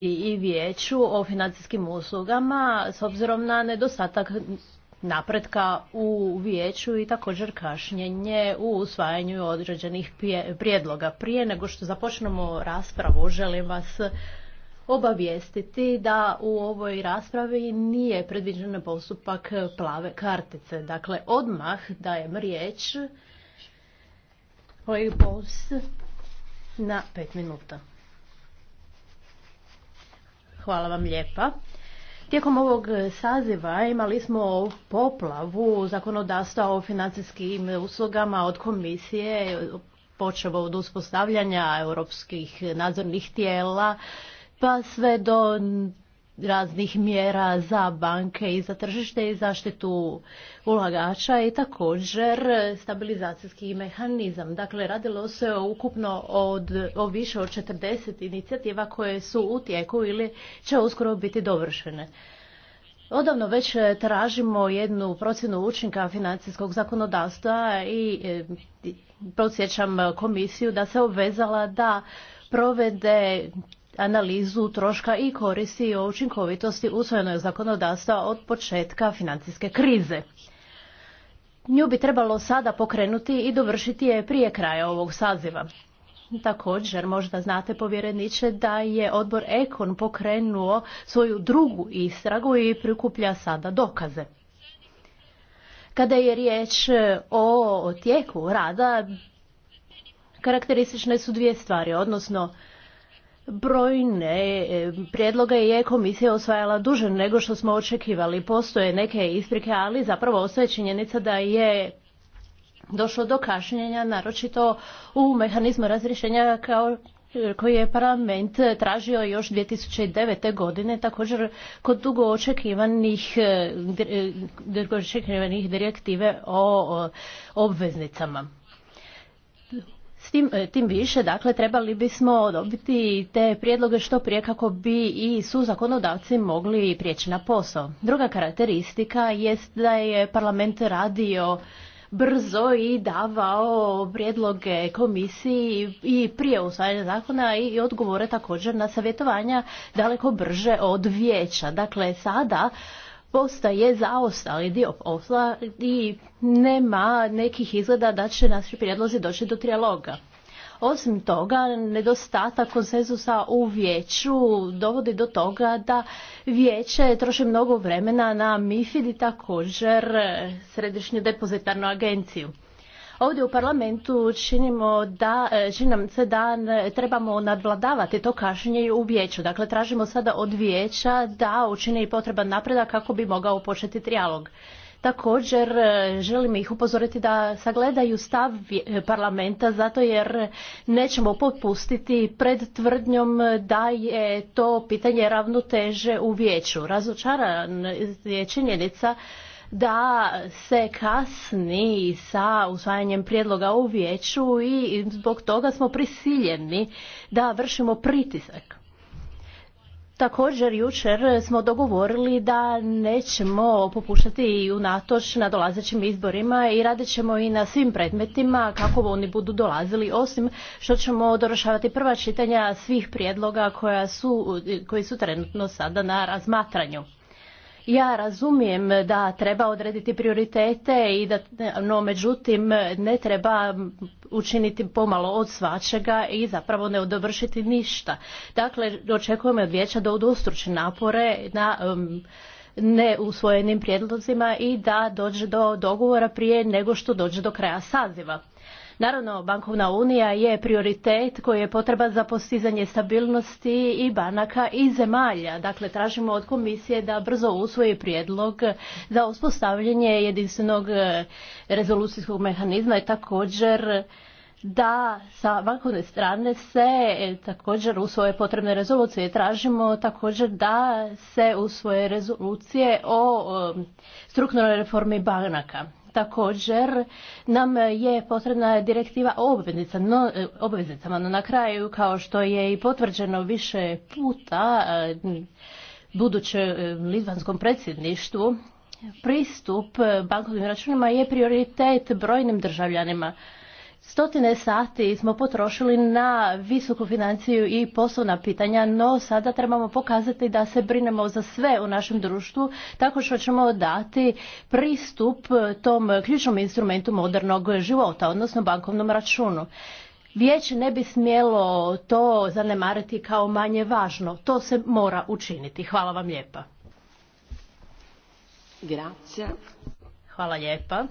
i vijeću o financijskim uslugama s obzirom na nedostatak napretka u vijeću i također kašnjenje u usvajanju određenih prijedloga. Prije nego što započnemo raspravu želim vas obavijestiti da u ovoj raspravi nije predviđen postupak plave kartice. Dakle, odmah dajem riječ kolegi na pet minuta. Hvala vam lijepa. Tijekom ovog saziva imali smo poplavu zakonodavstva o financijskim uslugama od komisije, počevo od uspostavljanja europskih nadzornih tijela, pa sve do raznih mjera za banke i za tržište i zaštitu ulagača i također stabilizacijski mehanizam. Dakle, radilo se ukupno od, o više od 40 inicijativa koje su u tijeku ili će uskoro biti dovršene. Odavno već tražimo jednu procjenu učinka financijskog zakonodavstva i e, e, prosjećam komisiju da se obvezala da provede analizu troška i koristi o učinkovitosti usvojenog zakonodavstva od početka financijske krize. Nju bi trebalo sada pokrenuti i dovršiti je prije kraja ovog saziva. Također, možda znate povjereniče da je odbor Ekon pokrenuo svoju drugu istragu i prikuplja sada dokaze. Kada je riječ o tijeku rada, karakteristične su dvije stvari, odnosno Brojne e, prijedloge je komisija osvajala duže nego što smo očekivali. Postoje neke isprike, ali zapravo ostaje činjenica da je došlo do kašnjenja, naročito u mehanizmu razrješenja kao e, koji je parlament tražio još 2009. godine također kod dugo očekivanih, e, očekivanih direktive o obveznicama tim, e, tim više, dakle, trebali bismo dobiti te prijedloge što prije kako bi i su zakonodavci mogli prijeći na posao. Druga karakteristika jest da je parlament radio brzo i davao prijedloge komisiji i prije usvajanja zakona i odgovore također na savjetovanja daleko brže od vijeća. Dakle, sada postaje zaostali dio posla i nema nekih izgleda da će naši prijedlozi doći do trijaloga. Osim toga, nedostatak konsenzusa u vijeću dovodi do toga da vijeće troši mnogo vremena na MIFID i također središnju depozitarnu agenciju ovdje u parlamentu činimo da, e, čini se da trebamo nadvladavati to kašnjenje u vijeću. Dakle, tražimo sada od vijeća da učini potreban napredak kako bi mogao početi trijalog. Također e, želim ih upozoriti da sagledaju stav e, parlamenta zato jer nećemo popustiti pred tvrdnjom da je to pitanje ravnoteže u vijeću. Razočaran je činjenica da se kasni sa usvajanjem prijedloga u vijeću i zbog toga smo prisiljeni da vršimo pritisak. Također jučer smo dogovorili da nećemo popuštati i unatoč na dolazećim izborima i radit ćemo i na svim predmetima kako oni budu dolazili, osim što ćemo dorošavati prva čitanja svih prijedloga koji su trenutno sada na razmatranju. Ja razumijem da treba odrediti prioritete i da, no međutim ne treba učiniti pomalo od svačega i zapravo ne odobršiti ništa. Dakle, očekujemo od vijeća da udostruči napore na um, neusvojenim prijedlozima i da dođe do dogovora prije nego što dođe do kraja saziva. Naravno, bankovna unija je prioritet koji je potreban za postizanje stabilnosti i banaka i zemalja. Dakle, tražimo od komisije da brzo usvoji prijedlog za uspostavljanje jedinstvenog e, rezolucijskog mehanizma i također da sa bankovne strane se e, također usvoje potrebne rezolucije. Tražimo također da se usvoje rezolucije o e, strukturnoj reformi banaka. Također nam je potrebna direktiva o e, obveznicama, no na kraju kao što je i potvrđeno više puta e, buduće e, litvanskom predsjedništvu, pristup bankovnim računima je prioritet brojnim državljanima. Stotine sati smo potrošili na visoku financiju i poslovna pitanja, no sada trebamo pokazati da se brinemo za sve u našem društvu, tako što ćemo dati pristup tom ključnom instrumentu modernog života, odnosno bankovnom računu. Vijeće ne bi smjelo to zanemariti kao manje važno. To se mora učiniti. Hvala vam lijepa. Grazie. Hvala lijepa.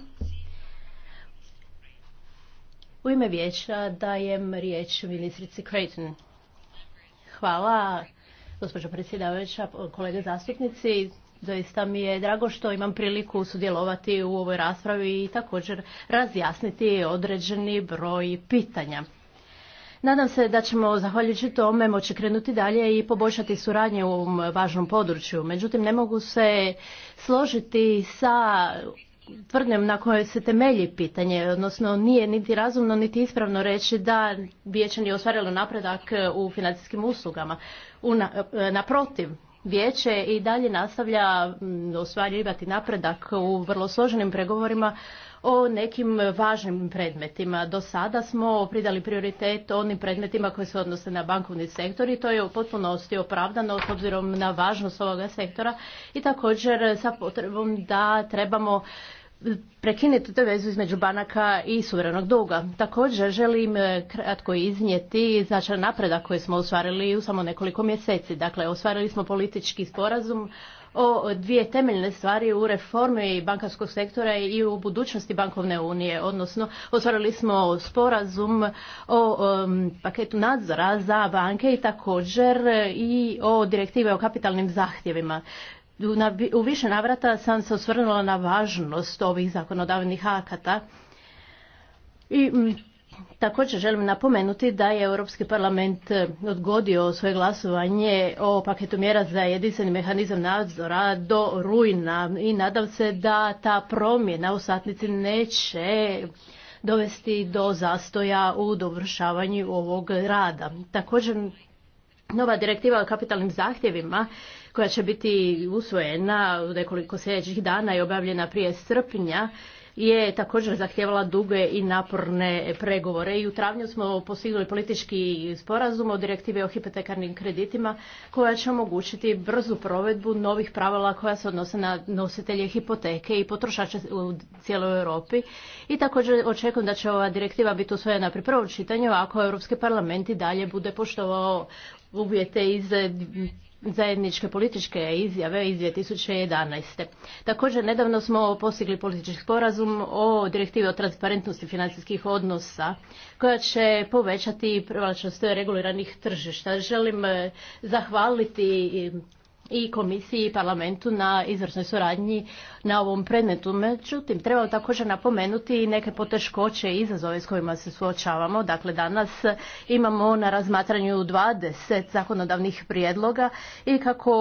U ime vijeća dajem riječ ministrici Creighton. Hvala, gospođo predsjedavajuća, kolege zastupnici. Doista mi je drago što imam priliku sudjelovati u ovoj raspravi i također razjasniti određeni broj pitanja. Nadam se da ćemo zahvaljujući tome moći krenuti dalje i poboljšati suradnje u ovom važnom području. Međutim, ne mogu se složiti sa tvrdnjom na kojoj se temelji pitanje, odnosno nije niti razumno niti ispravno reći da vijeće nije ostvarilo napredak u financijskim uslugama. E, naprotiv, vijeće i dalje nastavlja ostvarivati napredak u vrlo složenim pregovorima o nekim važnim predmetima. Do sada smo pridali prioritet onim predmetima koji se odnose na bankovni sektor i to je u potpunosti opravdano s obzirom na važnost ovoga sektora i također sa potrebom da trebamo prekinuti te vezu između banaka i suverenog duga. Također želim eh, kratko iznijeti značaj napredak koji smo ostvarili u samo nekoliko mjeseci. Dakle, ostvarili smo politički sporazum o dvije temeljne stvari u reformi bankarskog sektora i u budućnosti bankovne unije, odnosno otvorili smo sporazum o um, paketu nadzora za banke i također i o direktive o kapitalnim zahtjevima. U više navrata sam se osvrnula na važnost ovih zakonodavnih akata i mm, Također želim napomenuti da je Europski parlament e, odgodio svoje glasovanje o paketu mjera za jedinstveni mehanizam nadzora do rujna i nadam se da ta promjena u satnici neće dovesti do zastoja u dovršavanju ovog rada. Također nova direktiva o kapitalnim zahtjevima koja će biti usvojena u nekoliko sljedećih dana i objavljena prije srpnja je također zahtjevala duge i naporne pregovore i u travnju smo postigli politički sporazum o direktivi o hipotekarnim kreditima koja će omogućiti brzu provedbu novih pravila koja se odnose na nositelje hipoteke i potrošače u cijeloj Europi. I također očekujem da će ova direktiva biti usvojena pri prvom čitanju ako Europski parlament i dalje bude poštovao uvjete iz eh, zajedničke političke izjave iz 2011. Također, nedavno smo postigli politički sporazum o direktivi o transparentnosti financijskih odnosa, koja će povećati privlačnost reguliranih tržišta. Želim eh, zahvaliti i komisiji i parlamentu na izvrsnoj suradnji na ovom predmetu. Međutim, treba također napomenuti i neke poteškoće i izazove s kojima se suočavamo. Dakle, danas imamo na razmatranju 20 zakonodavnih prijedloga i kako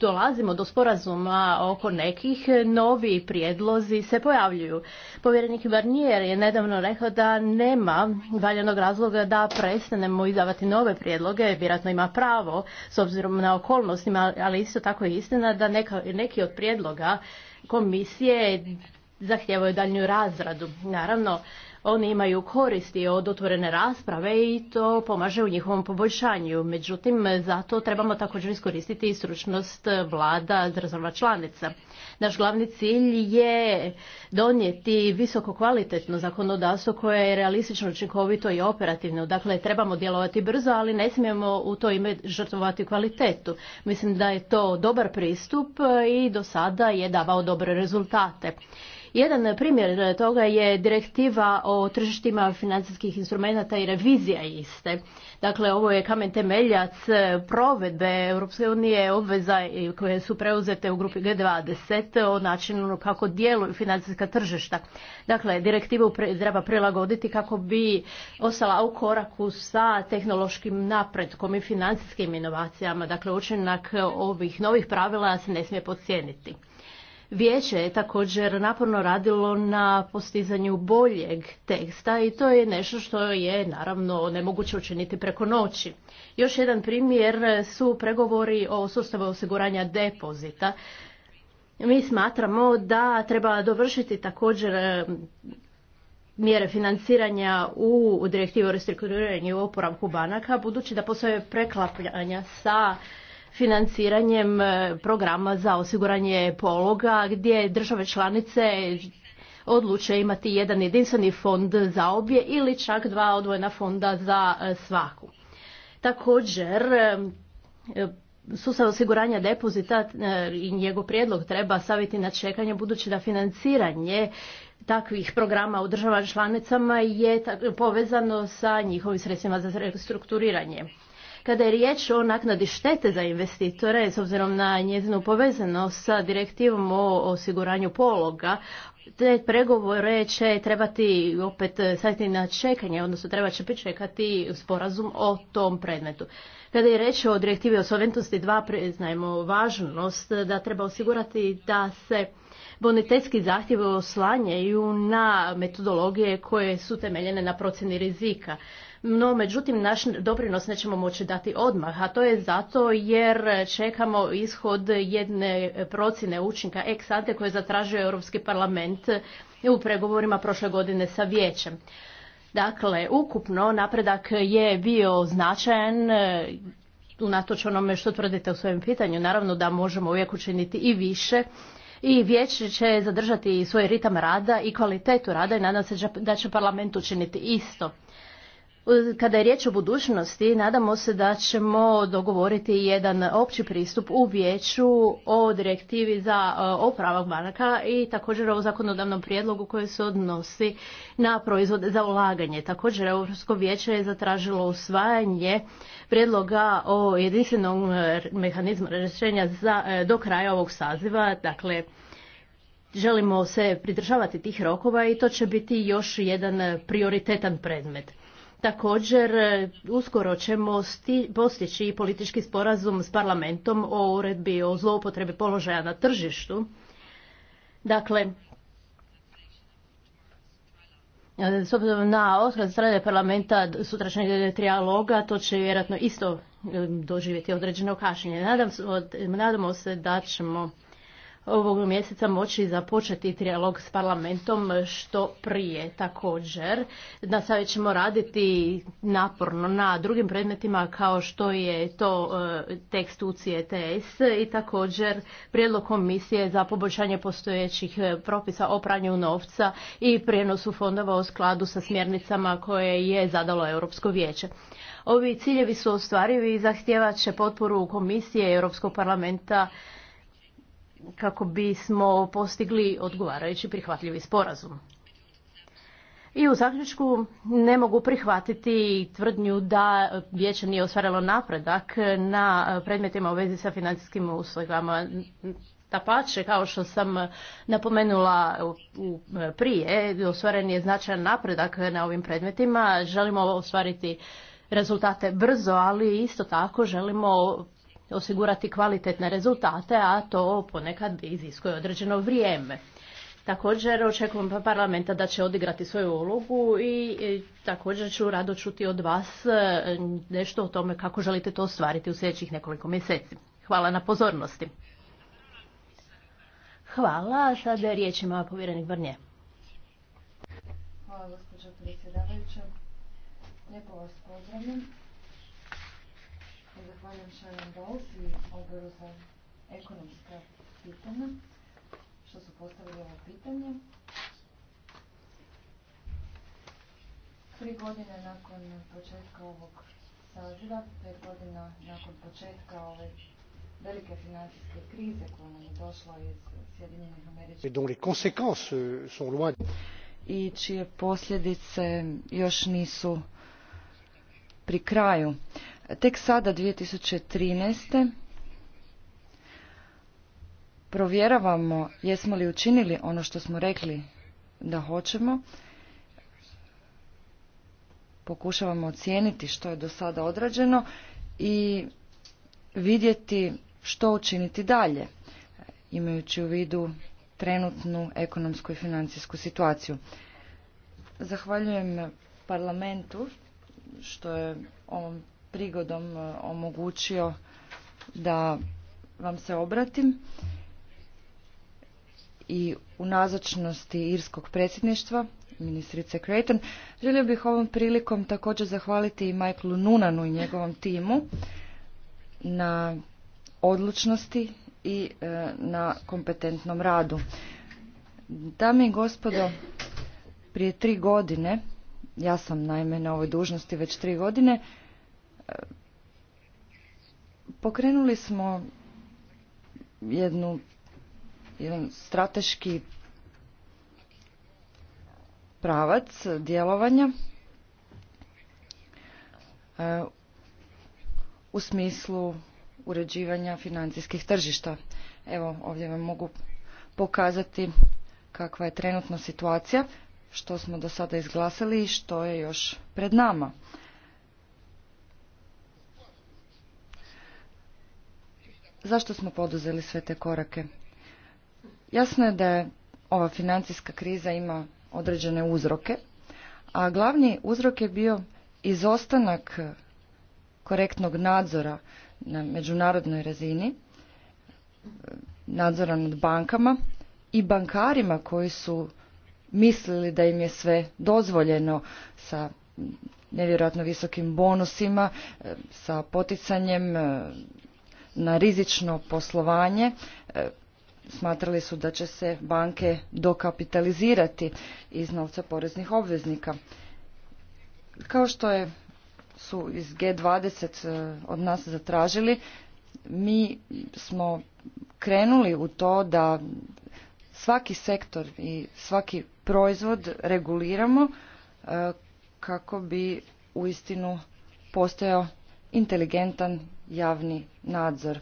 dolazimo do sporazuma oko nekih, novi prijedlozi se pojavljuju. Povjerenik Barnier je nedavno rekao da nema valjanog razloga da prestanemo izdavati nove prijedloge, vjerojatno ima pravo s obzirom na okolnostima, ali isto tako je istina da neka, neki od prijedloga komisije zahtijevaju daljnju razradu. Naravno, oni imaju koristi od otvorene rasprave i to pomaže u njihovom poboljšanju. Međutim, zato trebamo također iskoristiti i stručnost vlada država članica. Naš glavni cilj je donijeti visoko kvalitetno zakonodavstvo koje je realistično, učinkovito i operativno. Dakle, trebamo djelovati brzo, ali ne smijemo u to ime žrtvovati kvalitetu. Mislim da je to dobar pristup i do sada je davao dobre rezultate. Jedan primjer toga je direktiva o tržištima financijskih instrumenata i revizija iste. Dakle, ovo je kamen temeljac provedbe Europske unije obveza koje su preuzete u grupi G20 o načinu kako djeluju financijska tržišta. Dakle, direktivu treba prilagoditi kako bi ostala u koraku sa tehnološkim napretkom i financijskim inovacijama. Dakle, učinak ovih novih pravila se ne smije podcijeniti. Vijeće je također naporno radilo na postizanju boljeg teksta i to je nešto što je naravno nemoguće učiniti preko noći. Još jedan primjer su pregovori o sustavu osiguranja depozita. Mi smatramo da treba dovršiti također e, mjere financiranja u direktivu o restrukturiranju i oporavku banaka, budući da postoje preklapljanja sa financiranjem e, programa za osiguranje pologa gdje države članice odluče imati jedan jedinstveni fond za obje ili čak dva odvojena fonda za e, svaku. Također, e, sustav osiguranja depozita i njegov prijedlog treba staviti na čekanje budući da financiranje takvih programa u državama članicama je povezano sa njihovim sredstvima za restrukturiranje. Kada je riječ o naknadi štete za investitore, s obzirom na njezinu povezanost sa direktivom o osiguranju pologa, te pregovore će trebati opet staviti na čekanje, odnosno treba će pričekati sporazum o tom predmetu. Kada je riječ o direktivi o solventnosti 2, priznajemo važnost da treba osigurati da se bonitetski zahtjeve oslanjaju na metodologije koje su temeljene na procjeni rizika. No, međutim, naš doprinos nećemo moći dati odmah, a to je zato jer čekamo ishod jedne procjene učinka ex ante koje je zatražio Europski parlament u pregovorima prošle godine sa vijećem. Dakle, ukupno napredak je bio značajan unatoč onome što tvrdite u svojem pitanju. Naravno da možemo uvijek učiniti i više, i vijeće će zadržati svoj ritam rada i kvalitetu rada i nadam se da će parlament učiniti isto. Kada je riječ o budućnosti, nadamo se da ćemo dogovoriti jedan opći pristup u vijeću o direktivi za e, opravak banaka i također o zakonodavnom prijedlogu koji se odnosi na proizvode za ulaganje. Također Europsko vijeće je zatražilo usvajanje prijedloga o jedinstvenom e, mehanizmu rješenja e, do kraja ovog saziva, dakle želimo se pridržavati tih rokova i to će biti još jedan prioritetan predmet. Također, e, uskoro ćemo postići i politički sporazum s parlamentom o uredbi o zloupotrebi položaja na tržištu. Dakle, e, s obzirom na otkaz strane parlamenta sutrašnjeg trijaloga, to će vjerojatno isto e, doživjeti određeno kašnjenje. nadamo se da ćemo ovog mjeseca moći započeti trijalog s parlamentom što prije također. Na ćemo raditi naporno na drugim predmetima kao što je to e, tekst CTS i također prijedlog komisije za poboljšanje postojećih e, propisa o pranju novca i prijenosu fondova u skladu sa smjernicama koje je zadalo Europsko vijeće. Ovi ciljevi su ostvarivi i zahtijevat će potporu Komisije Europskog parlamenta kako bismo postigli odgovarajući prihvatljivi sporazum. I u zaključku ne mogu prihvatiti tvrdnju da vijeće nije ostvarilo napredak na predmetima u vezi sa financijskim uslugama. Tapače, kao što sam napomenula prije, ostvaren je značajan napredak na ovim predmetima. Želimo ostvariti rezultate brzo, ali isto tako želimo osigurati kvalitetne rezultate, a to ponekad iziskuje određeno vrijeme. Također očekujem parlamenta da će odigrati svoju ulogu i također ću rado čuti od vas e, nešto o tome kako želite to ostvariti u sljedećih nekoliko mjeseci. Hvala na pozornosti. Hvala. Sada riječ ima povjerenik Brnje. Hvala gospođo predsjedavajuća. Lijepo Zahvaljujem Sharon Bowles i odboru za ekonomska pitanja što su postavili ovo pitanje. Tri godine nakon početka ovog saziva, pet godina nakon početka ove velike financijske krize koja nam je došla iz Sjedinjenih Američkih euh, i čije posljedice još nisu pri kraju. Tek sada 2013. provjeravamo jesmo li učinili ono što smo rekli da hoćemo. Pokušavamo ocijeniti što je do sada odrađeno i vidjeti što učiniti dalje, imajući u vidu trenutnu ekonomsku i financijsku situaciju. Zahvaljujem parlamentu što je ovom prigodom e, omogućio da vam se obratim i u nazočnosti irskog predsjedništva ministrice Creighton. Želio bih ovom prilikom također zahvaliti i Michaelu Nunanu i njegovom timu na odlučnosti i e, na kompetentnom radu. Dame i gospodo, prije tri godine, ja sam naime na ovoj dužnosti već tri godine, Pokrenuli smo jednu, jedan strateški pravac djelovanja e, u smislu uređivanja financijskih tržišta. Evo ovdje vam mogu pokazati kakva je trenutno situacija, što smo do sada izglasali i što je još pred nama. Zašto smo poduzeli sve te korake? Jasno je da je ova financijska kriza ima određene uzroke, a glavni uzrok je bio izostanak korektnog nadzora na međunarodnoj razini, nadzora nad bankama i bankarima koji su mislili da im je sve dozvoljeno sa nevjerojatno visokim bonusima, sa poticanjem na rizično poslovanje e, smatrali su da će se banke dokapitalizirati iz novca poreznih obveznika. Kao što je, su iz G20 e, od nas zatražili, mi smo krenuli u to da svaki sektor i svaki proizvod reguliramo e, kako bi uistinu postojao inteligentan javni nadzor.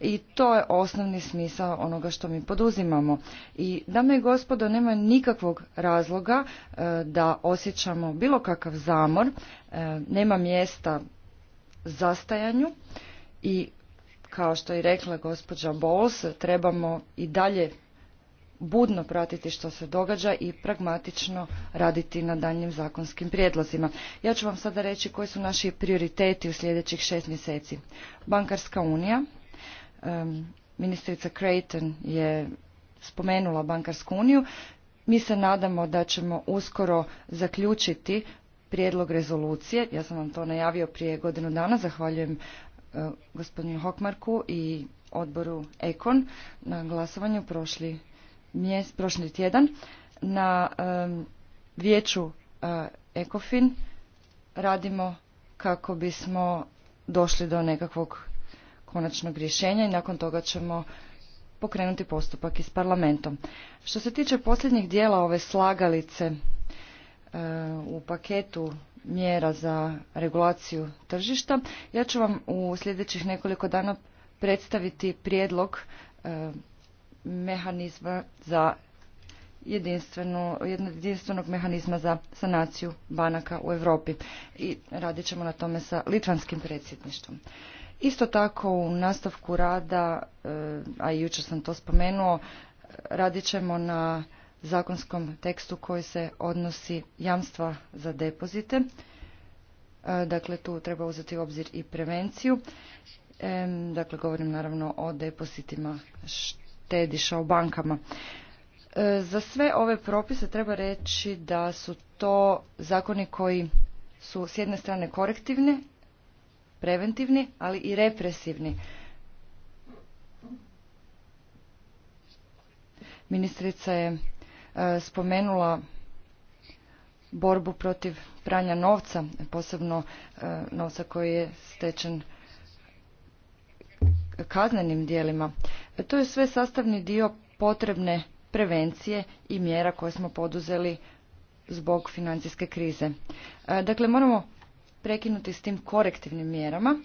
I to je osnovni smisao onoga što mi poduzimamo. I dame i gospodo, nema nikakvog razloga e, da osjećamo bilo kakav zamor, e, nema mjesta zastajanju i kao što je rekla gospođa Bols, trebamo i dalje budno pratiti što se događa i pragmatično raditi na daljnjim zakonskim prijedlozima. Ja ću vam sada reći koji su naši prioriteti u sljedećih šest mjeseci. Bankarska unija. Ministrica Creighton je spomenula Bankarsku uniju. Mi se nadamo da ćemo uskoro zaključiti prijedlog rezolucije. Ja sam vam to najavio prije godinu dana. Zahvaljujem e, gospodinu Hokmarku i odboru Ekon na glasovanju prošli mjes, prošli tjedan na vijeću ECOFIN radimo kako bismo došli do nekakvog konačnog rješenja i nakon toga ćemo pokrenuti postupak i s parlamentom. Što se tiče posljednjih dijela ove slagalice e, u paketu mjera za regulaciju tržišta, ja ću vam u sljedećih nekoliko dana predstaviti prijedlog e, mehanizma za jedinstvenog mehanizma za sanaciju banaka u Europi i radit ćemo na tome sa litvanskim predsjedništvom. Isto tako u nastavku rada, e, a i jučer sam to spomenuo, radit ćemo na zakonskom tekstu koji se odnosi jamstva za depozite. E, dakle, tu treba uzeti u obzir i prevenciju. Dakle, govorim naravno o depozitima što štediša u bankama. E, za sve ove propise treba reći da su to zakoni koji su s jedne strane korektivni, preventivni, ali i represivni. Ministrica je e, spomenula borbu protiv pranja novca, posebno e, novca koji je stečen kaznenim dijelima. E, to je sve sastavni dio potrebne prevencije i mjera koje smo poduzeli zbog financijske krize. E, dakle, moramo prekinuti s tim korektivnim mjerama.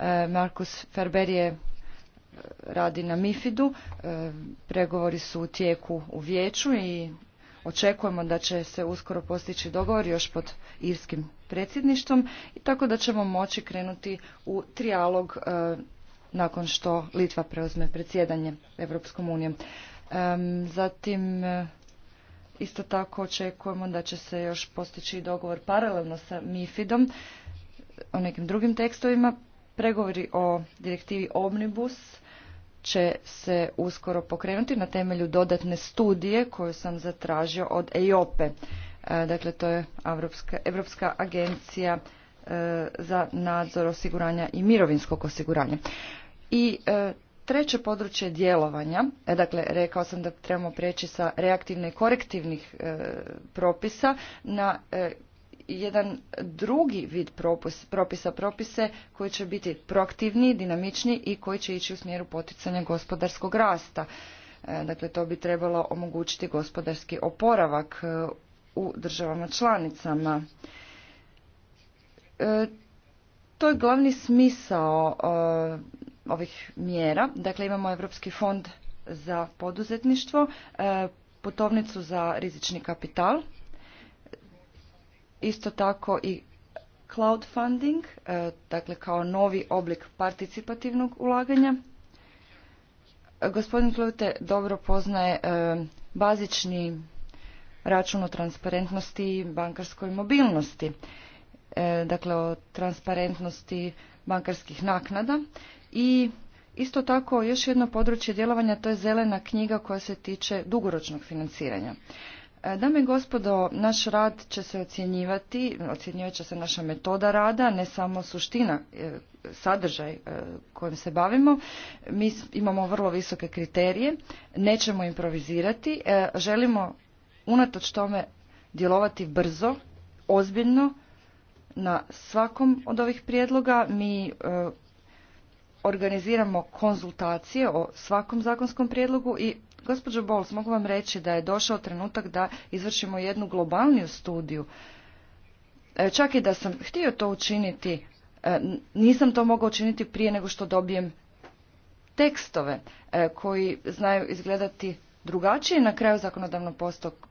E, Markus Ferber je radi na MIFID-u. Pregovori su u tijeku u vijeću i očekujemo da će se uskoro postići dogovor još pod irskim predsjedništvom i tako da ćemo moći krenuti u trijalog nakon što Litva preuzme predsjedanje Europskom unijom. Zatim e, isto tako očekujemo da će se još postići dogovor paralelno sa MIFIDom o nekim drugim tekstovima. Pregovori o direktivi Omnibus će se uskoro pokrenuti na temelju dodatne studije koju sam zatražio od EIOPE. E, dakle, to je Europska agencija e, za nadzor osiguranja i mirovinskog osiguranja. I e, treće područje djelovanja, e, dakle rekao sam da trebamo prijeći sa reaktivne i korektivnih e, propisa na jedan drugi vid propisa propise koji će biti proaktivniji, dinamičniji i koji će ići u smjeru poticanja gospodarskog rasta. Dakle, to bi trebalo omogućiti gospodarski oporavak u državama članicama. To je glavni smisao ovih mjera. Dakle, imamo Europski fond za poduzetništvo, e, putovnicu za rizični kapital, isto tako i cloud funding, e, dakle kao novi oblik participativnog ulaganja. Gospodin Klute dobro poznaje e, bazični račun o transparentnosti i bankarskoj mobilnosti, dakle o transparentnosti bankarskih naknada i isto tako još jedno područje djelovanja to je zelena knjiga koja se tiče dugoročnog financiranja. E, dame i gospodo, naš rad će se ocjenjivati, ocjenjivat će se naša metoda rada, ne samo suština, e, sadržaj e, kojim se bavimo. Mi imamo vrlo visoke kriterije, nećemo improvizirati, želimo unatoč tome djelovati brzo, ozbiljno na svakom od ovih prijedloga. Mi organiziramo konzultacije o svakom zakonskom prijedlogu i gospođo Bols, mogu vam reći da je došao trenutak da izvršimo jednu globalniju studiju. E, čak i da sam htio to učiniti, e, nisam to mogao učiniti prije nego što dobijem tekstove e, koji znaju izgledati drugačije na kraju zakonodavnog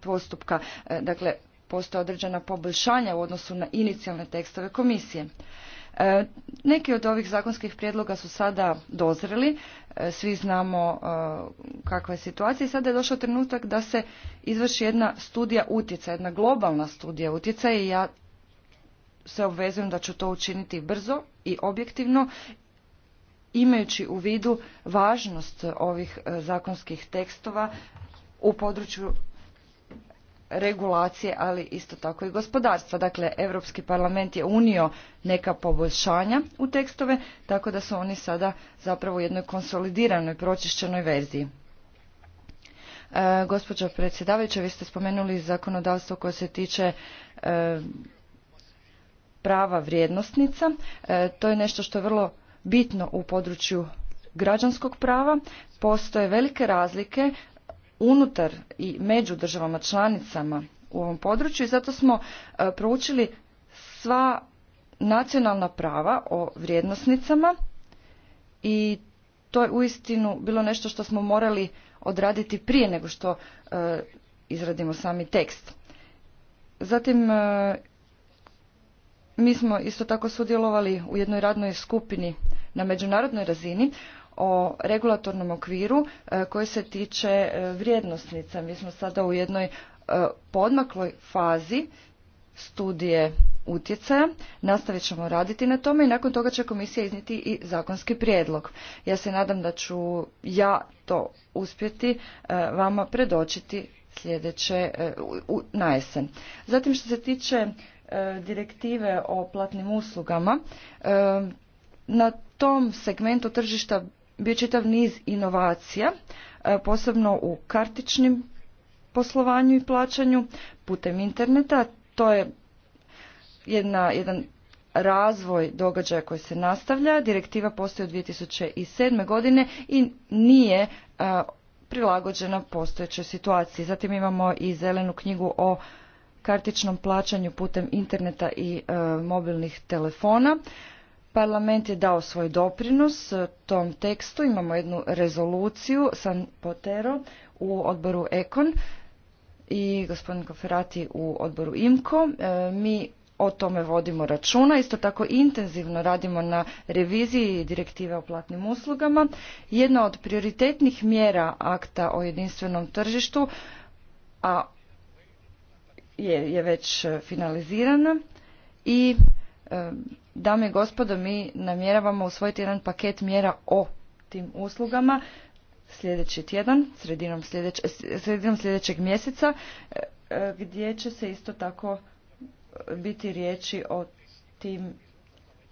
postupka. Dakle, postoje određena poboljšanja u odnosu na inicijalne tekstove komisije. E, neki od ovih zakonskih prijedloga su sada dozreli, e, svi znamo e, kakva je situacija i sada je došao trenutak da se izvrši jedna studija utjecaja, jedna globalna studija utjecaja i ja se obvezujem da ću to učiniti brzo i objektivno imajući u vidu važnost ovih zakonskih tekstova u području regulacije, ali isto tako i gospodarstva. Dakle, Europski parlament je unio neka poboljšanja u tekstove, tako da su oni sada zapravo u jednoj konsolidiranoj, pročišćenoj verziji. E, gospođo predsjedavajuća, vi ste spomenuli zakonodavstvo koje se tiče e, prava vrijednosnica. E, to je nešto što je vrlo bitno u području građanskog prava. Postoje velike razlike unutar i među državama članicama u ovom području i zato smo e, proučili sva nacionalna prava o vrijednosnicama i to je uistinu bilo nešto što smo morali odraditi prije nego što e, izradimo sami tekst. Zatim e, mi smo isto tako sudjelovali u jednoj radnoj skupini na međunarodnoj razini o regulatornom okviru e, koji se tiče e, vrijednosnica. Mi smo sada u jednoj e, podmakloj fazi studije utjecaja. Nastavit ćemo raditi na tome i nakon toga će komisija izniti i zakonski prijedlog. Ja se nadam da ću ja to uspjeti vama predočiti sljedeće na jesen. Zatim što se tiče E, direktive o platnim uslugama. E, na tom segmentu tržišta bio čitav niz inovacija, e, posebno u kartičnim poslovanju i plaćanju putem interneta. To je jedna, jedan razvoj događaja koji se nastavlja. Direktiva postoji od 2007. godine i nije prilagođena postojećoj situaciji. Zatim imamo i zelenu knjigu o kartičnom plaćanju putem interneta i e, mobilnih telefona. Parlament je dao svoj doprinos e, tom tekstu. Imamo jednu rezoluciju San Potero u odboru Ekon i gospodin Koferati u odboru Imco. E, mi o tome vodimo računa. Isto tako intenzivno radimo na reviziji direktive o platnim uslugama. Jedna od prioritetnih mjera akta o jedinstvenom tržištu, a je, je već e, finalizirana i e, dame i gospodo mi namjeravamo usvojiti jedan paket mjera o tim uslugama sljedeći tjedan, sredinom, sredinom sljedećeg mjeseca e, gdje će se isto tako biti riječi o tim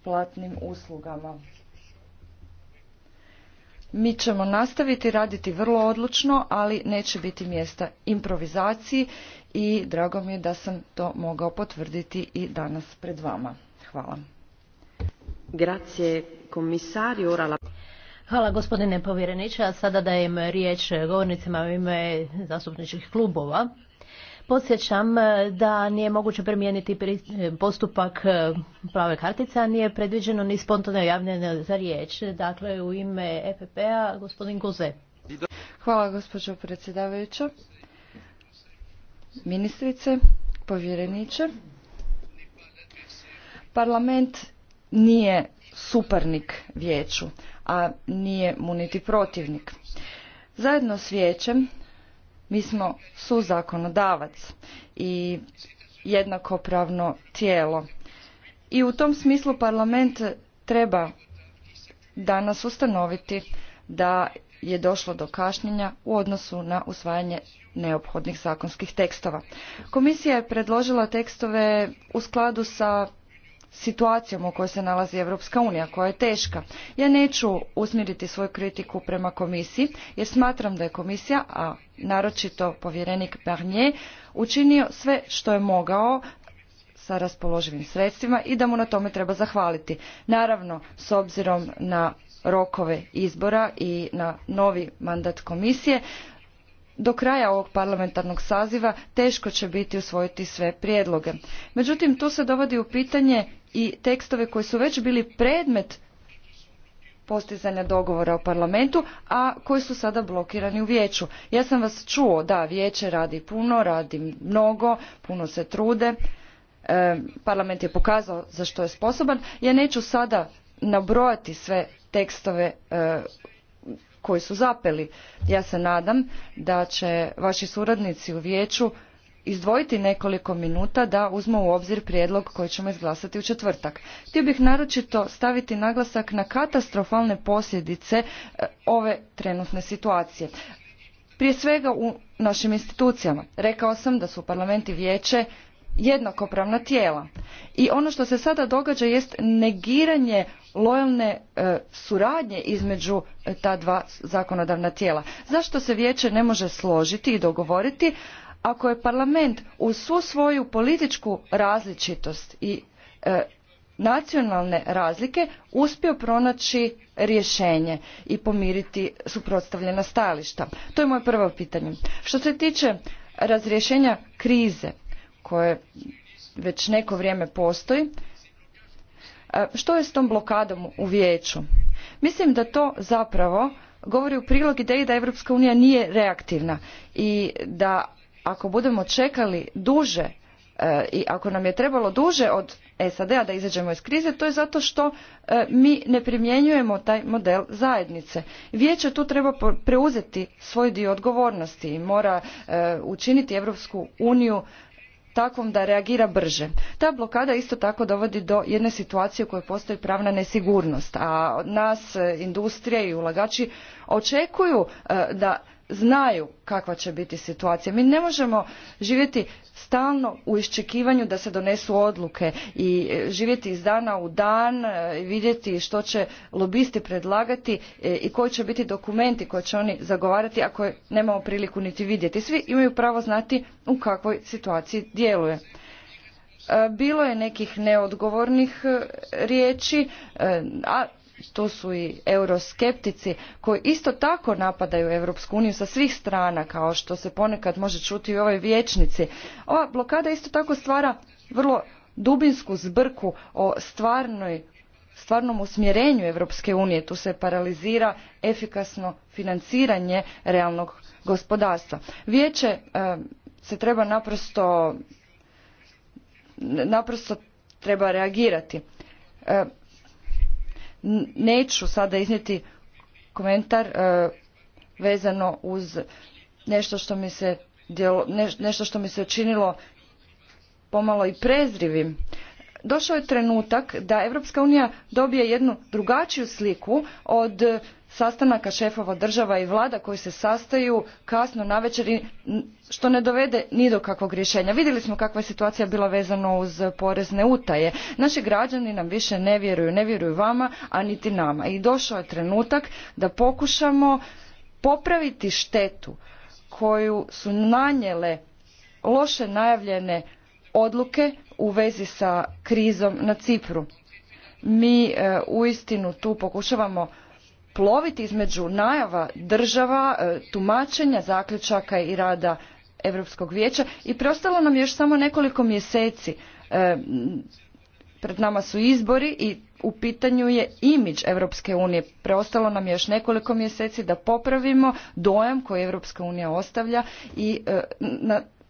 platnim uslugama. Mi ćemo nastaviti raditi vrlo odlučno, ali neće biti mjesta improvizaciji i drago mi je da sam to mogao potvrditi i danas pred vama. Hvala. Grazie, Hvala gospodine povjereniče, a sada dajem riječ govornicima u ime zastupničkih klubova. Podsjećam e, da nije moguće primijeniti e, postupak e, plave kartice, a nije predviđeno ni spontano javljanje za riječ. Dakle, u ime EPP-a gospodin Guze. Hvala gospođo predsjedavajuća. Ministrice, povjereniče. Parlament nije suparnik vijeću, a nije mu niti protivnik. Zajedno s vijećem mi smo suzakonodavac i jednakopravno tijelo. I u tom smislu parlament treba danas ustanoviti da je došlo do kašnjenja u odnosu na usvajanje neophodnih zakonskih tekstova. Komisija je predložila tekstove u skladu sa situacijom u kojoj se nalazi Europska unija, koja je teška. Ja neću usmjeriti svoju kritiku prema komisiji, jer smatram da je komisija, a naročito povjerenik Barnier, učinio sve što je mogao sa raspoloživim sredstvima i da mu na tome treba zahvaliti. Naravno, s obzirom na rokove izbora i na novi mandat komisije, do kraja ovog parlamentarnog saziva teško će biti usvojiti sve prijedloge. Međutim, tu se dovodi u pitanje i tekstove koji su već bili predmet postizanja dogovora u parlamentu, a koji su sada blokirani u vijeću. Ja sam vas čuo, da, vijeće radi puno, radi mnogo, puno se trude. E, parlament je pokazao za što je sposoban. Ja neću sada nabrojati sve tekstove e, koji su zapeli. Ja se nadam da će vaši suradnici u vijeću izdvojiti nekoliko minuta da uzmu u obzir prijedlog koji ćemo izglasati u četvrtak. Htio bih naročito staviti naglasak na katastrofalne posljedice e, ove trenutne situacije. Prije svega u našim institucijama. Rekao sam da su Parlamenti i vijeće jednakopravna tijela. I ono što se sada događa jest negiranje lojalne e, suradnje između e, ta dva zakonodavna tijela. Zašto se vijeće ne može složiti i dogovoriti ako je parlament uz svu svoju političku različitost i e, nacionalne razlike uspio pronaći rješenje i pomiriti suprotstavljena stajališta. To je moje prvo pitanje. Što se tiče razrješenja krize koje već neko vrijeme postoji, e, što je s tom blokadom u vijeću? Mislim da to zapravo govori u prilog ideji da Europska unija nije reaktivna i da ako budemo čekali duže e, i ako nam je trebalo duže od SAD-a da izađemo iz krize, to je zato što e, mi ne primjenjujemo taj model zajednice. Vijeće tu treba preuzeti svoj dio odgovornosti i mora e, učiniti Europsku uniju takvom da reagira brže. Ta blokada isto tako dovodi do jedne situacije u kojoj postoji pravna nesigurnost, a nas industrija i ulagači očekuju da znaju kakva će biti situacija. Mi ne možemo živjeti stalno u iščekivanju da se donesu odluke i e, živjeti iz dana u dan e, i vidjeti što će lobisti predlagati e, i koji će biti dokumenti koje će oni zagovarati ako nemamo priliku niti vidjeti. Svi imaju pravo znati u kakvoj situaciji djeluje. Bilo je nekih neodgovornih riječi, a tu su i euroskeptici koji isto tako napadaju Europsku uniju sa svih strana kao što se ponekad može čuti i u ovoj vječnici. Ova blokada isto tako stvara vrlo dubinsku zbrku o stvarnoj stvarnom usmjerenju Europske unije. Tu se paralizira efikasno financiranje realnog gospodarstva. Vijeće se treba naprosto naprosto treba reagirati neću sada iznijeti komentar e, vezano uz nešto što mi se učinilo pomalo i prezrivim. Došao je trenutak da Europska unija dobije jednu drugačiju sliku od sastanaka šefova država i vlada koji se sastaju kasno navečer što ne dovede ni do kakvog rješenja. Vidjeli smo kakva je situacija bila vezana uz porezne utaje. Naši građani nam više ne vjeruju, ne vjeruju vama, a niti nama. I došao je trenutak da pokušamo popraviti štetu koju su nanijele loše najavljene odluke u vezi sa krizom na Cipru. Mi u e, uistinu tu pokušavamo ploviti između najava država, e, tumačenja zaključaka i rada Europskog vijeća i preostalo nam još samo nekoliko mjeseci. E, pred nama su izbori i u pitanju je imidž Europske unije. Preostalo nam još nekoliko mjeseci da popravimo dojam koji Europska unija ostavlja i e,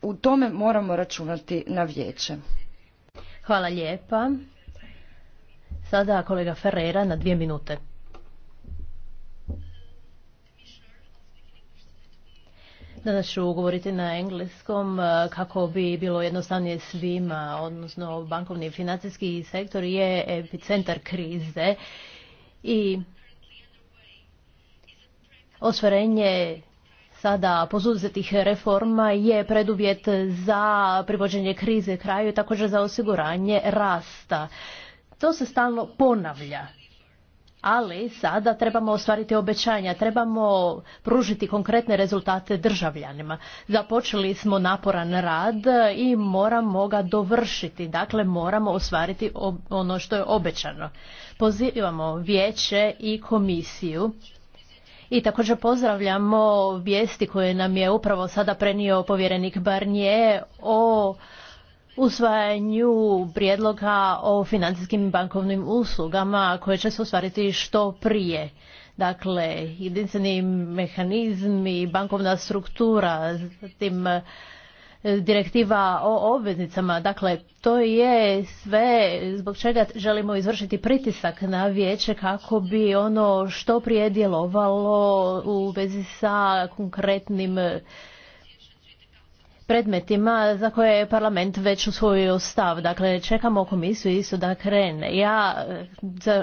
u tome moramo računati na vijeće. Hvala lijepa. Sada kolega Ferreira na dvije minute. Danas ću govoriti na engleskom e, kako bi bilo jednostavnije svima, odnosno bankovni i financijski sektor je epicentar krize i ostvarenje sada pozuzetih reforma je preduvjet za privođenje krize kraju i također za osiguranje rasta. To se stalno ponavlja ali sada trebamo ostvariti obećanja, trebamo pružiti konkretne rezultate državljanima. Započeli smo naporan rad i moramo ga dovršiti, dakle moramo ostvariti ono što je obećano. Pozivamo vijeće i komisiju i također pozdravljamo vijesti koje nam je upravo sada prenio povjerenik Barnier o usvajanju prijedloga o financijskim bankovnim uslugama koje će se ostvariti što prije. Dakle, jedinstveni mehanizmi, bankovna struktura, zatim e, direktiva o obveznicama. Dakle, to je sve zbog čega želimo izvršiti pritisak na vijeće kako bi ono što prije djelovalo u vezi sa konkretnim predmetima za koje je parlament već usvojio stav. Dakle, čekamo komisiju isto da krene. Ja e,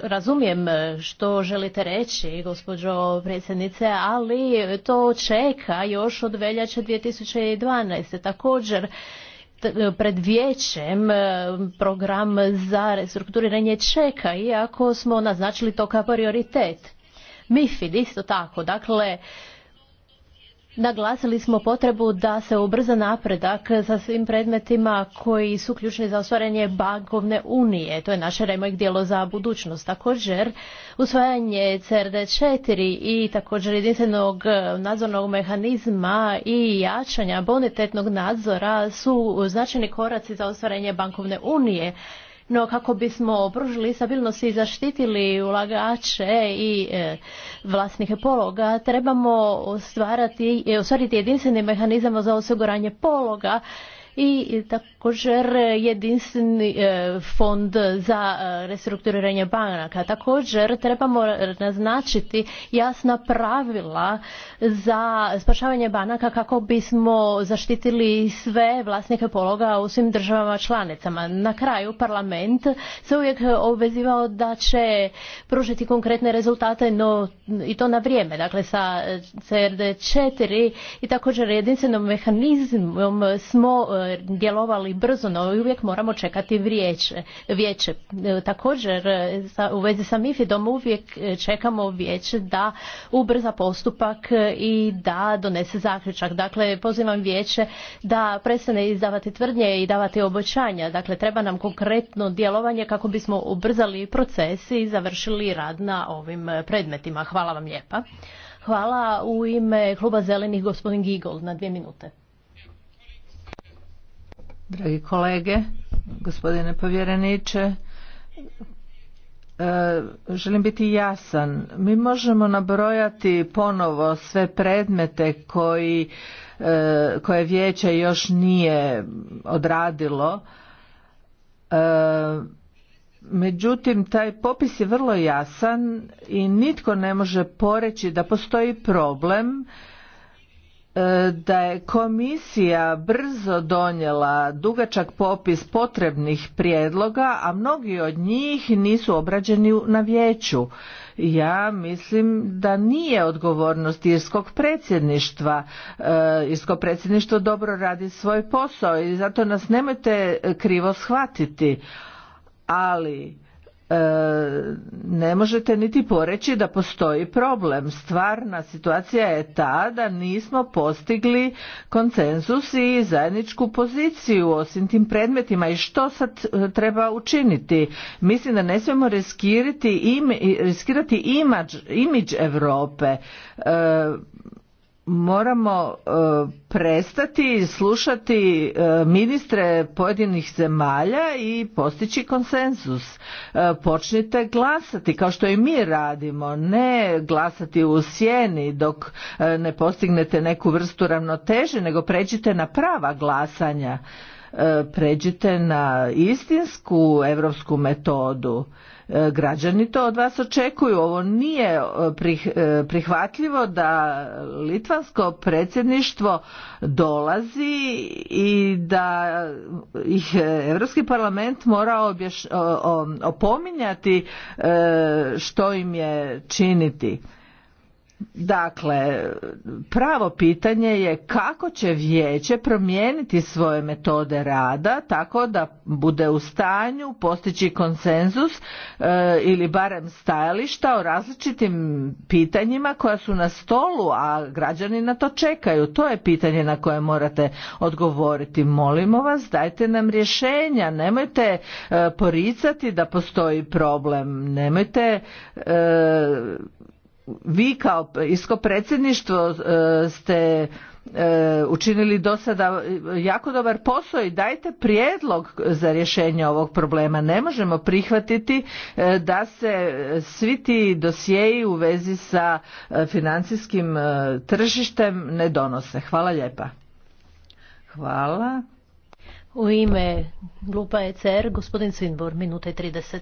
razumijem e, što želite reći, gospođo predsjednice, ali to čeka još od veljače 2012. Također, pred vijećem e, program za restrukturiranje čeka, iako smo naznačili to kao prioritet. MIFID isto tako, dakle, Naglasili smo potrebu da se ubrza napredak sa svim predmetima koji su ključni za ostvarenje bankovne unije. To je naše remek dijelo za budućnost. Također, usvajanje CRD4 i također jedinstvenog e, nadzornog mehanizma i jačanja bonitetnog nadzora su značajni koraci za ostvarenje bankovne unije no kako bismo pružili stabilnost i zaštitili ulagače i e, vlasnike pologa, trebamo ostvariti, e, ostvariti jedinstveni mehanizam za osiguranje pologa i tako također jedinstveni e, fond za e, restrukturiranje banaka. Također trebamo naznačiti jasna pravila za spašavanje banaka kako bismo zaštitili sve vlasnike pologa u svim državama članicama. Na kraju parlament se uvijek obvezivao da će pružiti konkretne rezultate no i to na vrijeme, dakle sa e, CRD4 i također jedinstvenom mehanizmom smo djelovali ali brzo, no uvijek moramo čekati vijeće. E, također, e, u vezi sa MIFIDom uvijek e, čekamo vijeće da ubrza postupak i da donese zaključak. Dakle, pozivam vijeće da prestane izdavati tvrdnje i davati obećanja. Dakle, treba nam konkretno djelovanje kako bismo ubrzali proces i završili rad na ovim predmetima. Hvala vam lijepa. Hvala u ime kluba zelenih gospodin Gigol na dvije minute. Dragi kolege, gospodine povjereniče, e, želim biti jasan. Mi možemo nabrojati ponovo sve predmete koji, e, koje vijeće još nije odradilo. E, međutim, taj popis je vrlo jasan i nitko ne može poreći da postoji problem E, da je komisija brzo donijela dugačak popis potrebnih prijedloga, a mnogi od njih nisu obrađeni na vijeću. Ja mislim da nije odgovornost irskog predsjedništva. E, irsko predsjedništvo dobro radi svoj posao i zato nas nemojte krivo shvatiti. Ali E, ne možete niti poreći da postoji problem. Stvarna situacija je ta da nismo postigli konsenzus i zajedničku poziciju osim tim predmetima i što sad e, treba učiniti. Mislim da ne smijemo riskirati, riskirati imidž Europe. E, moramo e, prestati slušati e, ministre pojedinih zemalja i postići konsenzus. E, počnite glasati kao što i mi radimo, ne glasati u sjeni dok ne postignete neku vrstu ravnoteže, nego pređite na prava glasanja. E, pređite na istinsku europsku metodu e, građani to od vas očekuju ovo nije e, prihvatljivo da litvansko predsjedništvo dolazi i da ih europski parlament mora opominjati što im je činiti Dakle, pravo pitanje je kako će vijeće promijeniti svoje metode rada tako da bude u stanju postići konsenzus e, ili barem stajališta o različitim pitanjima koja su na stolu, a građani na to čekaju. To je pitanje na koje morate odgovoriti. Molimo vas, dajte nam rješenja, nemojte e, poricati da postoji problem, nemojte e, vi kao isko predsjedništvo e, ste e, učinili do sada jako dobar posao i dajte prijedlog za rješenje ovog problema. Ne možemo prihvatiti e, da se svi ti dosjeji u vezi sa financijskim tržištem ne donose. Hvala lijepa. Hvala. U ime Glupa ECR, gospodin Svinbor, minuta i 30.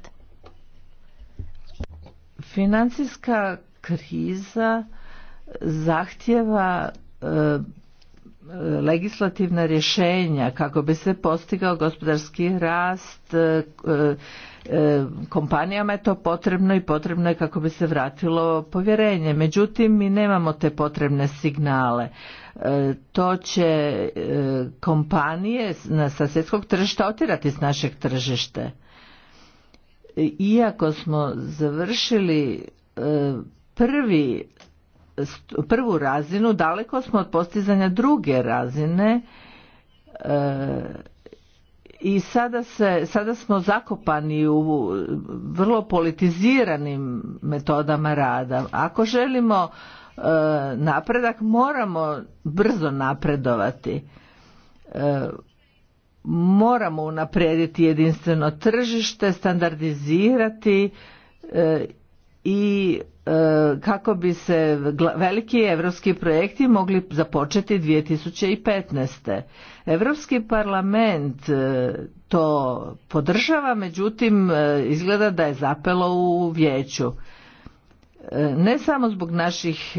Financijska kriza zahtjeva e, legislativna rješenja kako bi se postigao gospodarski rast e, e, kompanijama je to potrebno i potrebno je kako bi se vratilo povjerenje međutim mi nemamo te potrebne signale to će kompanije sa svjetskog tržišta otirati s našeg tržište iako smo završili prvi prvu razinu daleko smo od postizanja druge razine e, i sada se sada smo zakopani u vrlo politiziranim metodama rada ako želimo e, napredak moramo brzo napredovati e, moramo unaprijediti jedinstveno tržište standardizirati i E, kako bi se veliki europski projekti mogli započeti 2015. Europski parlament e, to podržava, međutim e, izgleda da je zapelo u vijeću. Ne samo zbog naših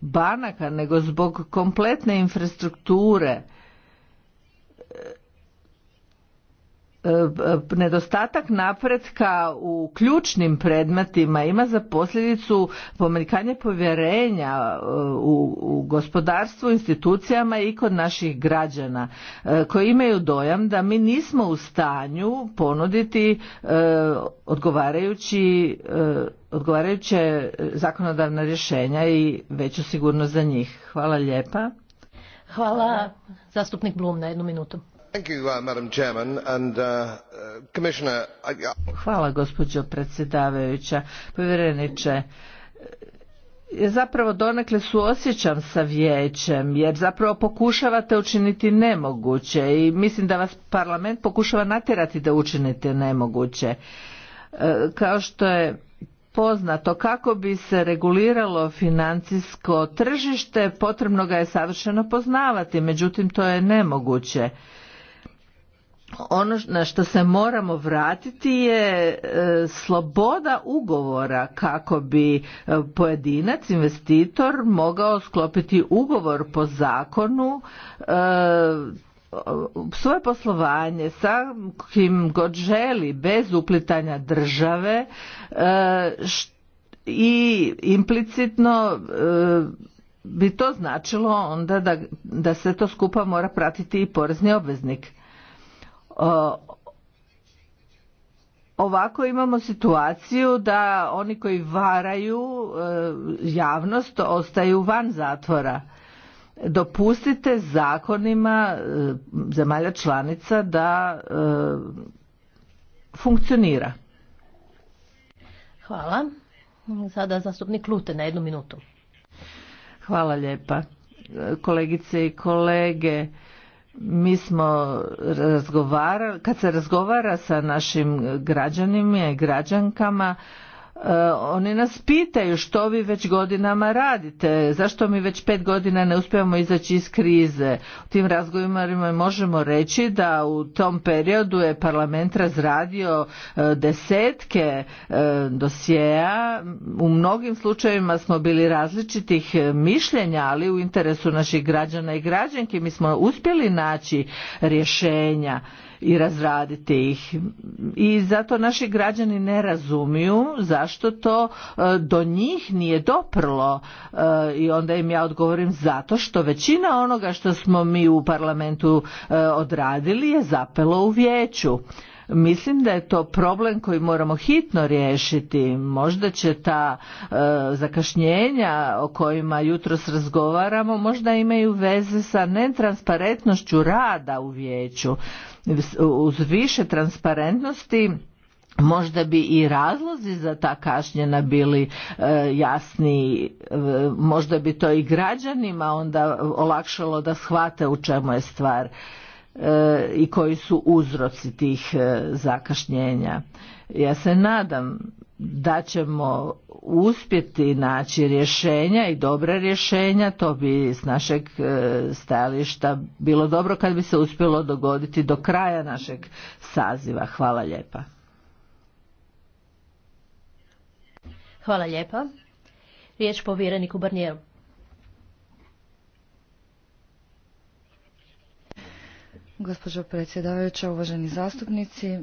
banaka, nego zbog kompletne infrastrukture E, nedostatak napretka u ključnim predmetima ima za posljedicu pomanjkanje povjerenja e, u gospodarstvu, institucijama i kod naših građana e, koji imaju dojam da mi nismo u stanju ponuditi odgovarajući odgovarajuće zakonodavna rješenja i veću sigurnost za njih. Hvala lijepa. Hvala zastupnik Blum na jednu minutu. Hvala gospođo predsjedavajuća. Povjereniče, e, zapravo donekle suosjećam sa vijećem jer zapravo pokušavate učiniti nemoguće i mislim da vas parlament pokušava natjerati da učinite nemoguće. E, kao što je poznato kako bi se reguliralo financijsko tržište potrebno ga je savršeno poznavati međutim to je nemoguće ono na što se moramo vratiti je e, sloboda ugovora kako bi e, pojedinac investitor mogao sklopiti ugovor po zakonu e, svoje poslovanje sa kim god želi bez uplitanja države i implicitno bi to značilo onda da, da se to skupa mora pratiti i porezni obveznik Ovako imamo situaciju da oni koji varaju e, javnost ostaju van zatvora. Dopustite zakonima e, zemalja članica da e, funkcionira. Hvala. Sada zastupnik Lute na jednu minutu. Hvala lijepa. Kolegice i kolege, mi smo razgovarali, kad se razgovara sa našim građanima i građankama, oni nas pitaju što vi već godinama radite, zašto mi već pet godina ne uspijemo izaći iz krize. U tim razgovorima možemo reći da u tom periodu je parlament razradio e, desetke e, dosjeja, u mnogim slučajevima smo bili različitih mišljenja, ali u interesu naših građana i građanki mi smo uspjeli naći rješenja i razraditi ih. I zato naši građani ne razumiju zašto to e, do njih nije doprlo e, i onda im ja odgovorim zato što većina onoga što smo mi u parlamentu e, odradili je zapelo u vijeću. Mislim da je to problem koji moramo hitno riješiti. Možda će ta e, zakašnjenja o kojima jutros razgovaramo možda imaju veze sa netransparentnošću rada u vijeću uz više transparentnosti možda bi i razlozi za ta kašnjena bili e, jasni, e, možda bi to i građanima onda olakšalo da shvate u čemu je stvar e, i koji su uzroci tih zakašnjenja ja se nadam da ćemo uspjeti naći rješenja i dobra rješenja, to bi s našeg e, stajališta bilo dobro kad bi se uspjelo dogoditi do kraja našeg saziva. Hvala lijepa. Hvala lijepa. Riječ povjereniku Barnijeru. Gospođo predsjedavajuća, uvaženi zastupnici,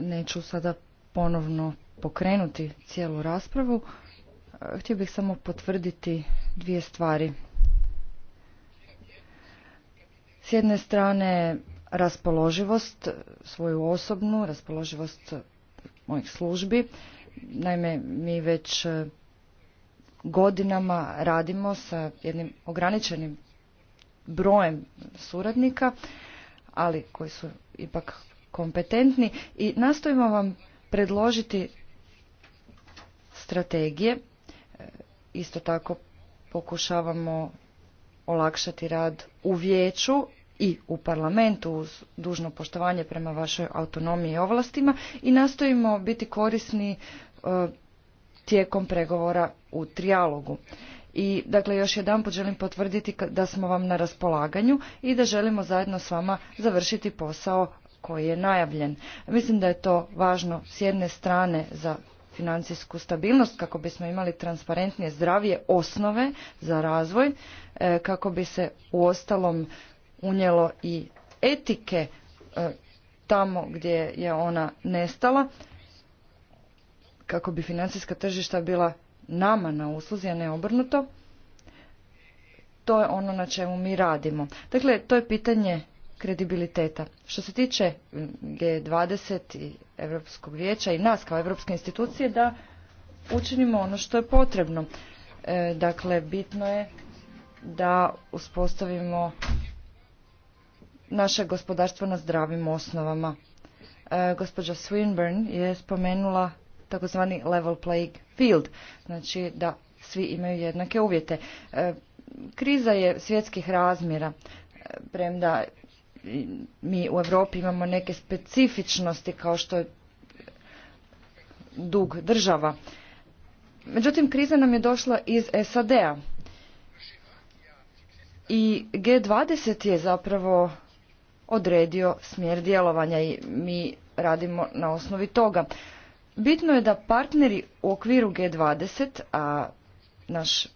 neću sada ponovno pokrenuti cijelu raspravu. E, htio bih samo potvrditi dvije stvari. S jedne strane raspoloživost, svoju osobnu raspoloživost mojih službi. Naime, mi već e, godinama radimo sa jednim ograničenim brojem suradnika, ali koji su ipak kompetentni i nastojimo vam predložiti strategije. E, isto tako pokušavamo olakšati rad u vijeću i u parlamentu uz dužno poštovanje prema vašoj autonomiji i ovlastima i nastojimo biti korisni e, tijekom pregovora u trijalogu. I dakle još jedanput želim potvrditi da smo vam na raspolaganju i da želimo zajedno s vama završiti posao koji je najavljen. Mislim da je to važno s jedne strane za financijsku stabilnost kako bismo imali transparentnije zdravije osnove za razvoj e, kako bi se u ostalom unijelo i etike e, tamo gdje je ona nestala kako bi financijska tržišta bila nama na usluzi a ne obrnuto to je ono na čemu mi radimo dakle to je pitanje kredibiliteta. Što se tiče G20 i Europskog vijeća i nas kao europske institucije da učinimo ono što je potrebno. E, dakle, bitno je da uspostavimo naše gospodarstvo na zdravim osnovama. E, gospođa Swinburne je spomenula takozvani level playing field, znači da svi imaju jednake uvjete. E, kriza je svjetskih razmjera, premda mi u Europi imamo neke specifičnosti kao što je dug država. Međutim, kriza nam je došla iz SAD-a. I G20 je zapravo odredio smjer djelovanja i mi radimo na osnovi toga. Bitno je da partneri u okviru G20, a naš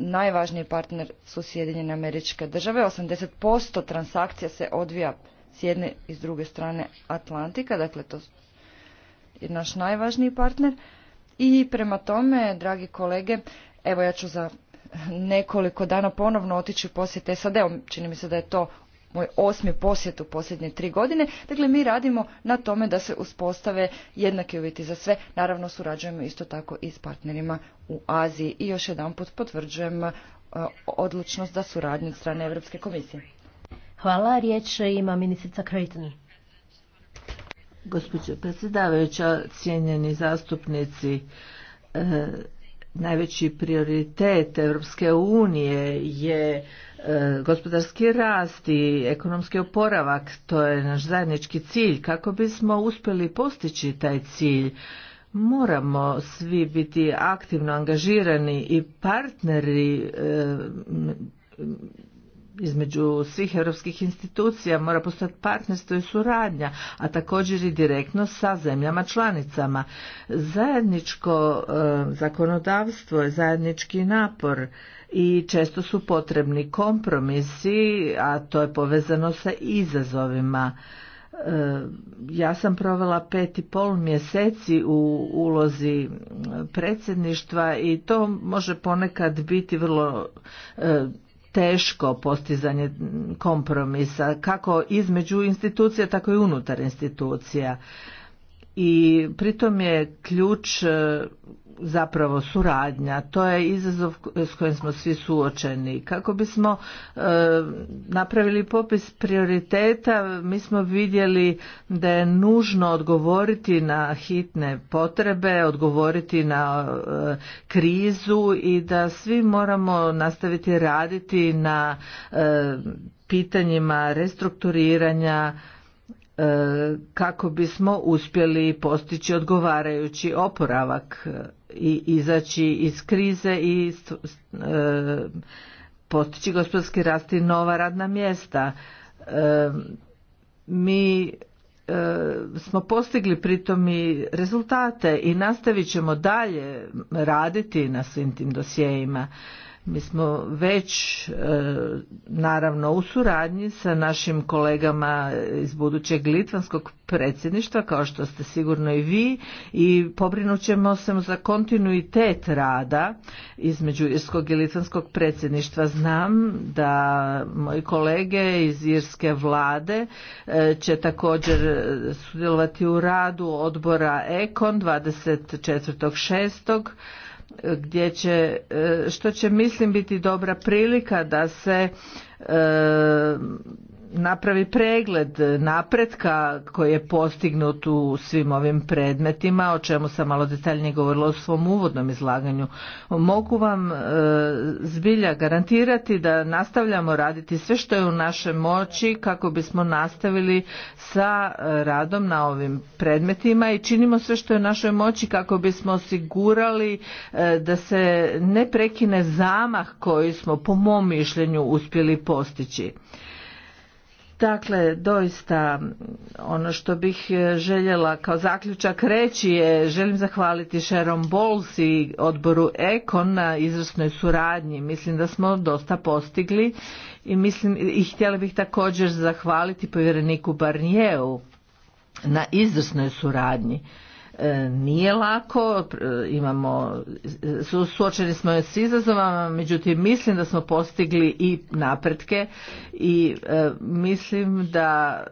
najvažniji partner su Sjedinjene američke države. 80% transakcija se odvija s jedne i s druge strane Atlantika, dakle to je naš najvažniji partner. I prema tome, dragi kolege, evo ja ću za nekoliko dana ponovno otići u posjet SAD-om. Čini mi se da je to moj osmi posjet u posljednje tri godine. Dakle, mi radimo na tome da se uspostave jednake uvjeti za sve. Naravno, surađujemo isto tako i s partnerima u Aziji. I još jedan put potvrđujem e, odlučnost da suradnju od strane Europske komisije. Hvala. Riječ ima ministrica Gospođo predsjedavajuća, cijenjeni zastupnici, e, najveći prioritet Europske unije je e, gospodarski rast i ekonomski oporavak, to je naš zajednički cilj. Kako bismo uspjeli postići taj cilj, moramo svi biti aktivno angažirani i partneri e, između svih europskih institucija mora postati partnerstvo i suradnja, a također i direktno sa zemljama članicama. Zajedničko e, zakonodavstvo je zajednički napor i često su potrebni kompromisi, a to je povezano sa izazovima. E, ja sam provela pet i pol mjeseci u ulozi predsjedništva i to može ponekad biti vrlo e, teško postizanje kompromisa kako između institucija tako i unutar institucija i pritom je ključ e, zapravo suradnja to je izazov s kojim smo svi suočeni kako bismo e, napravili popis prioriteta mi smo vidjeli da je nužno odgovoriti na hitne potrebe odgovoriti na e, krizu i da svi moramo nastaviti raditi na pitanjima restrukturiranja E, kako bismo uspjeli postići odgovarajući oporavak e, i izaći iz krize i e, postići gospodarski rast i nova radna mjesta. Mi smo postigli pritom i rezultate i nastavit ćemo dalje raditi na svim tim dosjejima. Mi smo već e, naravno u suradnji sa našim kolegama iz budućeg Litvanskog predsjedništva kao što ste sigurno i vi i pobrinut ćemo se za kontinuitet rada između Irskog i Litvanskog predsjedništva. Znam da moji kolege iz Irske vlade e, će također e, sudjelovati u radu odbora EKON 24.6 gdje će, e, što će mislim biti dobra prilika da se e, napravi pregled napretka koji je postignut u svim ovim predmetima, o čemu sam malo detaljnije govorila u svom uvodnom izlaganju. Mogu vam e, zbilja garantirati da nastavljamo raditi sve što je u našoj moći kako bismo nastavili sa e, radom na ovim predmetima i činimo sve što je u našoj moći kako bismo osigurali e, da se ne prekine zamah koji smo po mom mišljenju uspjeli postići. Dakle, doista ono što bih e, željela kao zaključak reći je želim zahvaliti Sharon Bowles i odboru Ekon na izvrsnoj suradnji. Mislim da smo dosta postigli i, mislim, i htjela bih također zahvaliti povjereniku Barnijevu na izvrsnoj suradnji. E, nije lako, e, imamo, suočeni smo s izazovama, međutim mislim da smo postigli i napretke i e, mislim da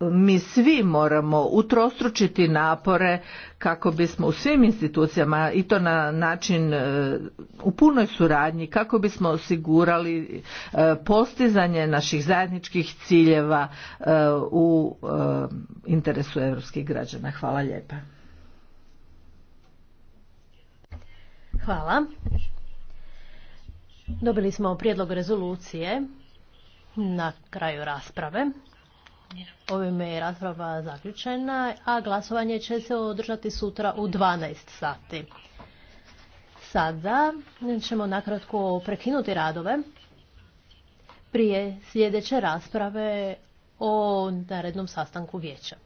mi svi moramo utrostručiti napore kako bismo u svim institucijama i to na način e, u punoj suradnji kako bismo osigurali e, postizanje naših zajedničkih ciljeva e, u interesu europskih građana. Hvala lijepa. Hvala. Dobili smo prijedlog rezolucije na kraju rasprave. Ovime je rasprava zaključena, a glasovanje će se održati sutra u 12 sati. Sada ćemo nakratko prekinuti radove prije sljedeće rasprave o narednom sastanku vijeća.